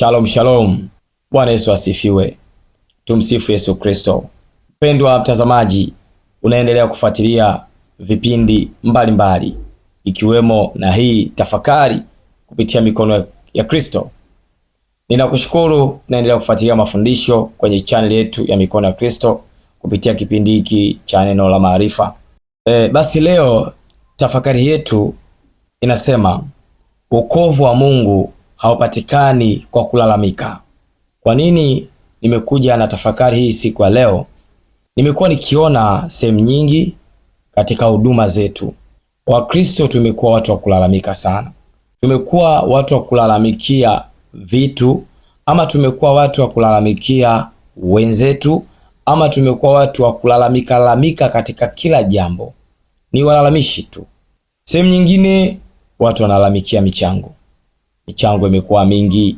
Shalom shalom, Bwana Yesu asifiwe, tumsifu Yesu Kristo. Mpendwa mtazamaji, unaendelea kufuatilia vipindi mbalimbali mbali, ikiwemo na hii tafakari kupitia mikono ya Kristo. Ninakushukuru naendelea kufuatilia mafundisho kwenye chaneli yetu ya mikono ya Kristo kupitia kipindi hiki cha neno la maarifa. E, basi leo tafakari yetu inasema wokovu wa Mungu haupatikani kwa kulalamika. Kwa nini nimekuja na tafakari hii siku ya leo? Nimekuwa nikiona sehemu nyingi katika huduma zetu, Wakristo tumekuwa watu wa kulalamika sana, tumekuwa watu wa kulalamikia vitu ama tumekuwa watu wa kulalamikia wenzetu ama tumekuwa watu wa kulalamika lalamika katika kila jambo, ni walalamishi tu. Sehemu nyingine watu wanalalamikia michango michango imekuwa mingi,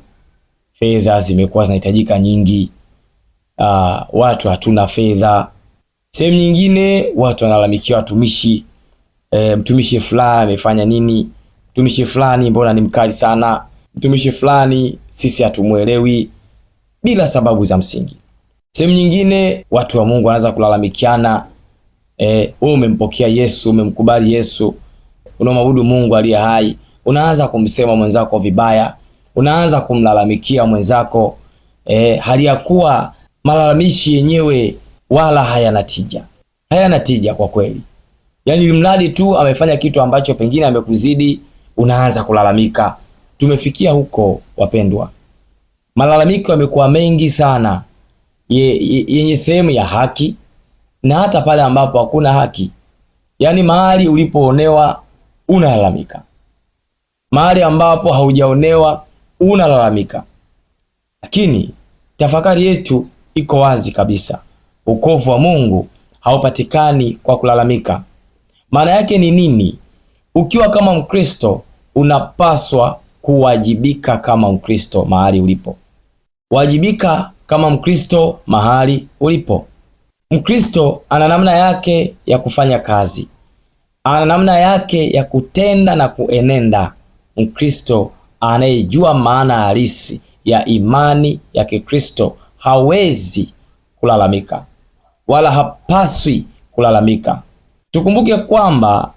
fedha zimekuwa zinahitajika nyingi. Uh, watu hatuna fedha. Sehemu nyingine watu wanalalamikia watumishi e, mtumishi fulani amefanya nini, mtumishi fulani mbona ni mkali sana, mtumishi fulani sisi hatumwelewi, bila sababu za msingi. Sehemu nyingine watu wa Mungu wanaanza kulalamikiana eh, wewe, umempokea Yesu, umemkubali Yesu, unaomwabudu Mungu aliye hai, unaanza kumsema mwenzako vibaya, unaanza kumlalamikia mwenzako e, hali ya kuwa malalamishi yenyewe wala hayana tija, hayana tija kwa kweli. Yani mradi tu amefanya kitu ambacho pengine amekuzidi, unaanza kulalamika. Tumefikia huko wapendwa, malalamiko yamekuwa mengi sana yenye ye, ye sehemu ya haki na hata pale ambapo hakuna haki, yaani mahali ulipoonewa unalalamika mahali ambapo haujaonewa unalalamika. Lakini tafakari yetu iko wazi kabisa, ukovu wa Mungu haupatikani kwa kulalamika. Maana yake ni nini? Ukiwa kama Mkristo unapaswa kuwajibika kama Mkristo mahali ulipo. Wajibika kama Mkristo mahali ulipo. Mkristo ana namna yake ya kufanya kazi, ana namna yake ya kutenda na kuenenda. Mkristo anayejua maana halisi ya imani ya Kikristo hawezi kulalamika wala hapaswi kulalamika. Tukumbuke kwamba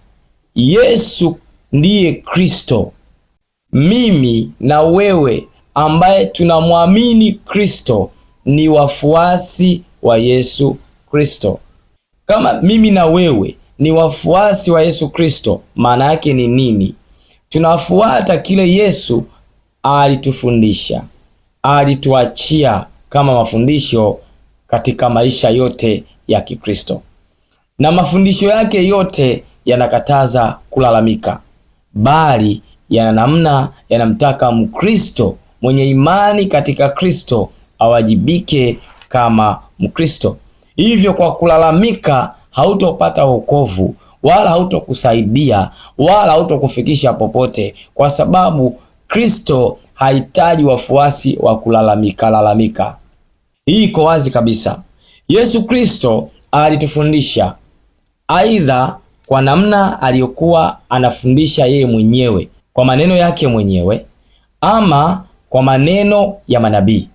Yesu ndiye Kristo. Mimi na wewe ambaye tunamwamini Kristo ni wafuasi wa Yesu Kristo. Kama mimi na wewe ni wafuasi wa Yesu Kristo, maana yake ni nini? tunafuata kile Yesu alitufundisha, alituachia kama mafundisho katika maisha yote ya Kikristo, na mafundisho yake yote yanakataza kulalamika, bali yana namna yanamtaka Mkristo mwenye imani katika Kristo awajibike kama Mkristo. Hivyo, kwa kulalamika hautopata wokovu wala hautokusaidia wala hautokufikisha popote, kwa sababu Kristo hahitaji wafuasi wa kulalamika lalamika. Hii iko wazi kabisa. Yesu Kristo alitufundisha aidha kwa namna aliyokuwa anafundisha yeye mwenyewe kwa maneno yake mwenyewe ama kwa maneno ya manabii,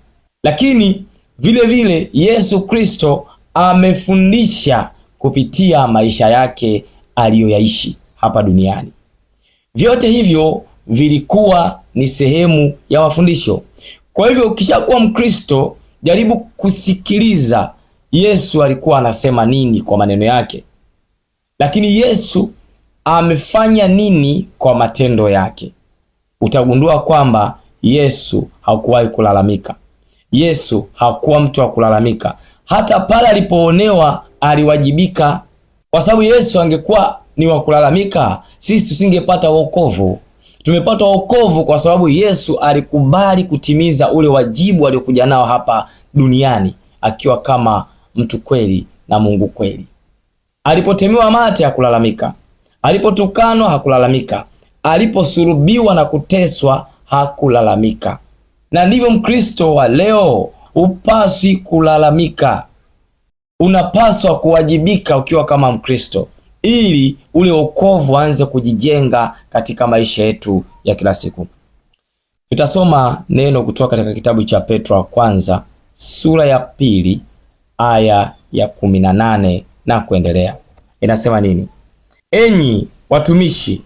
lakini vile vile Yesu Kristo amefundisha kupitia maisha yake aliyoyaishi hapa duniani. Vyote hivyo vilikuwa ni sehemu ya mafundisho. Kwa hivyo ukishakuwa Mkristo, jaribu kusikiliza Yesu alikuwa anasema nini kwa maneno yake, lakini Yesu amefanya nini kwa matendo yake. Utagundua kwamba Yesu hakuwahi kulalamika. Yesu hakuwa mtu wa kulalamika. Hata pale alipoonewa aliwajibika, kwa sababu Yesu angekuwa ni wa kulalamika, sisi tusingepata wokovu. Tumepata wokovu kwa sababu Yesu alikubali kutimiza ule wajibu aliokuja nao hapa duniani akiwa kama mtu kweli na Mungu kweli. Alipotemewa mate hakulalamika, alipotukanwa hakulalamika, aliposulubiwa na kuteswa hakulalamika. Na ndivyo Mkristo wa leo upaswi kulalamika, unapaswa kuwajibika ukiwa kama Mkristo ili ule wokovu aanze kujijenga katika maisha yetu ya kila siku. Tutasoma neno kutoka katika kitabu cha Petro wa kwanza sura ya pili aya ya kumi na nane na kuendelea. Inasema nini? Enyi watumishi,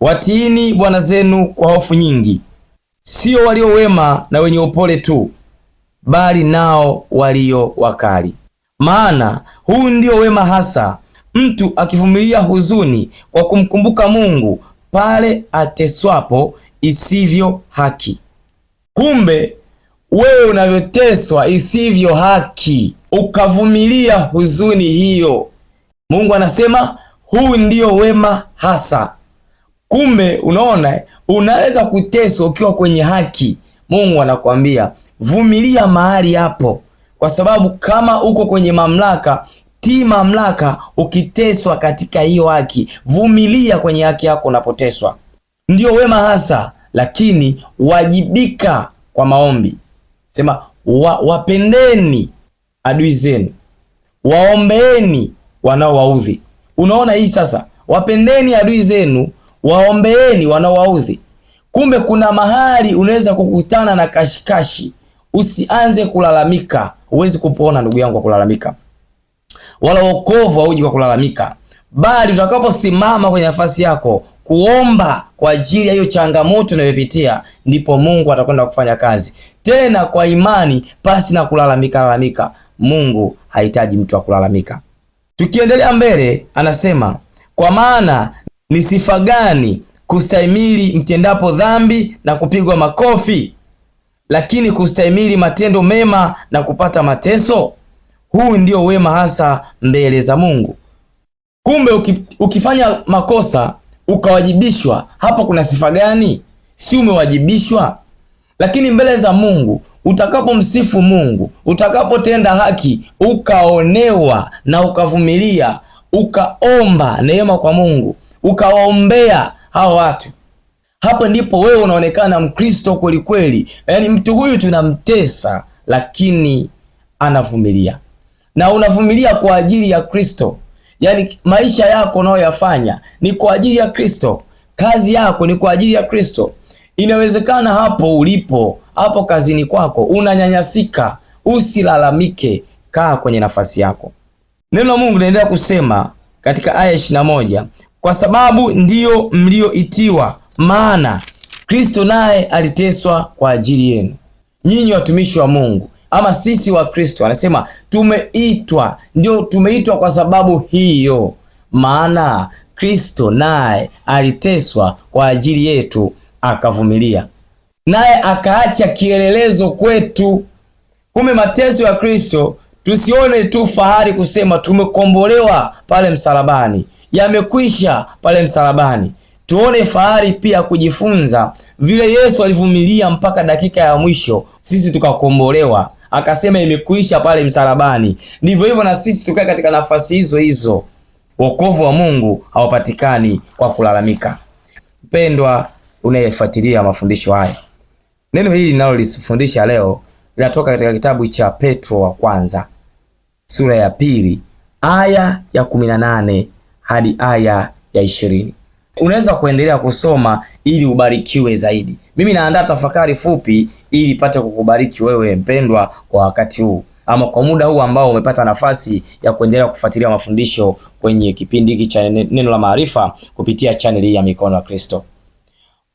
watiini bwana zenu kwa hofu nyingi, sio walio wema na wenye upole tu, bali nao walio wakali. Maana huu ndio wema hasa mtu akivumilia huzuni kwa kumkumbuka Mungu pale ateswapo isivyo haki. Kumbe wewe unavyoteswa isivyo haki, ukavumilia huzuni hiyo, Mungu anasema huu ndio wema hasa. Kumbe unaona, unaweza kuteswa ukiwa kwenye haki. Mungu anakuambia vumilia mahali hapo, kwa sababu kama uko kwenye mamlaka tii mamlaka ukiteswa katika hiyo haki, vumilia kwenye haki yako unapoteswa, ndio wema hasa. Lakini wajibika kwa maombi, sema wa, wapendeni adui zenu, waombeeni wanaowaudhi. Unaona hii sasa, wapendeni adui zenu, waombeeni wanaowaudhi. Kumbe kuna mahali unaweza kukutana na kashikashi. Usianze kulalamika, huwezi kupona ndugu yangu kwa kulalamika wala wokovu hauji kwa kulalamika, bali utakaposimama kwenye nafasi yako kuomba kwa ajili ya hiyo changamoto unayopitia, ndipo Mungu atakwenda kufanya kazi tena kwa imani, pasi na kulalamika lalamika. Mungu hahitaji mtu wa kulalamika. Tukiendelea mbele, anasema kwa maana ni sifa gani kustahimili mtendapo dhambi na kupigwa makofi, lakini kustahimili matendo mema na kupata mateso? Huu ndio wema hasa mbele za Mungu. Kumbe ukifanya makosa ukawajibishwa, hapa kuna sifa gani? Si umewajibishwa? Lakini mbele za Mungu utakapomsifu Mungu, utakapotenda haki, ukaonewa na ukavumilia, ukaomba neema kwa Mungu, ukawaombea hawa watu, hapo ndipo wewe unaonekana Mkristo kweli kweli. Yaani mtu huyu tunamtesa, lakini anavumilia na unavumilia kwa ajili ya Kristo. Yaani maisha yako unayoyafanya ni kwa ajili ya Kristo, kazi yako ni kwa ajili ya Kristo. Inawezekana hapo ulipo, hapo kazini kwako unanyanyasika, usilalamike, kaa kwenye nafasi yako. Neno la Mungu linaendelea kusema katika aya ishirini na moja kwa sababu ndiyo mlioitiwa, maana Kristo naye aliteswa kwa ajili yenu, nyinyi watumishi wa Mungu ama sisi wa Kristo, anasema tumeitwa, ndio tumeitwa kwa sababu hiyo, maana Kristo naye aliteswa kwa ajili yetu, akavumilia, naye akaacha kielelezo kwetu. Kumbe mateso ya Kristo tusione tu fahari kusema tumekombolewa pale msalabani, yamekwisha pale msalabani. Tuone fahari pia kujifunza vile Yesu alivumilia mpaka dakika ya mwisho, sisi tukakombolewa akasema imekwisha pale msalabani. Ndivyo hivyo na sisi tukae katika nafasi hizo hizo. Wokovu wa Mungu haupatikani kwa kulalamika. Mpendwa unayefuatilia mafundisho haya, neno hili linalolifundisha leo linatoka katika kitabu cha Petro wa kwanza sura ya pili aya ya 18 hadi aya ya 20. Unaweza kuendelea kusoma ili ubarikiwe zaidi. Mimi naandaa tafakari fupi ili pate kukubariki wewe mpendwa, kwa wakati huu ama kwa muda huu ambao umepata nafasi ya kuendelea kufuatilia mafundisho kwenye kipindi hiki cha neno la maarifa kupitia channel hii ya mikono ya Kristo.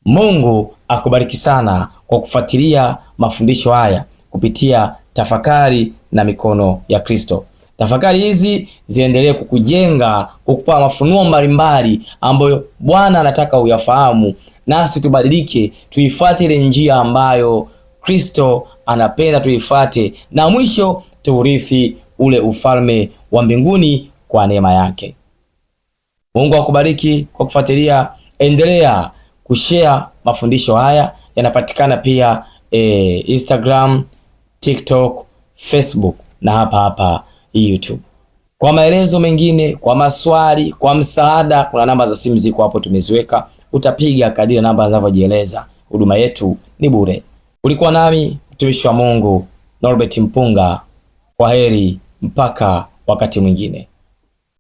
Mungu akubariki sana kwa kufuatilia mafundisho haya kupitia tafakari na mikono ya Kristo. Tafakari hizi ziendelee kukujenga, kukupa mafunuo mbalimbali ambayo Bwana anataka uyafahamu, nasi tubadilike, tuifuate ile njia ambayo Kristo anapenda tuifate, na mwisho tuurithi ule ufalme wa mbinguni kwa neema yake. Mungu akubariki kwa kufuatilia. Endelea kushare mafundisho haya, yanapatikana pia e, Instagram, TikTok, Facebook na hapa hapa YouTube. Kwa maelezo mengine, kwa maswali, kwa msaada, kuna namba za simu ziko hapo tumeziweka, utapiga kadiri namba zinavyojieleza. Huduma yetu ni bure. Ulikuwa nami mtumishi wa Mungu Norbert Mpunga. Kwa heri mpaka wakati mwingine.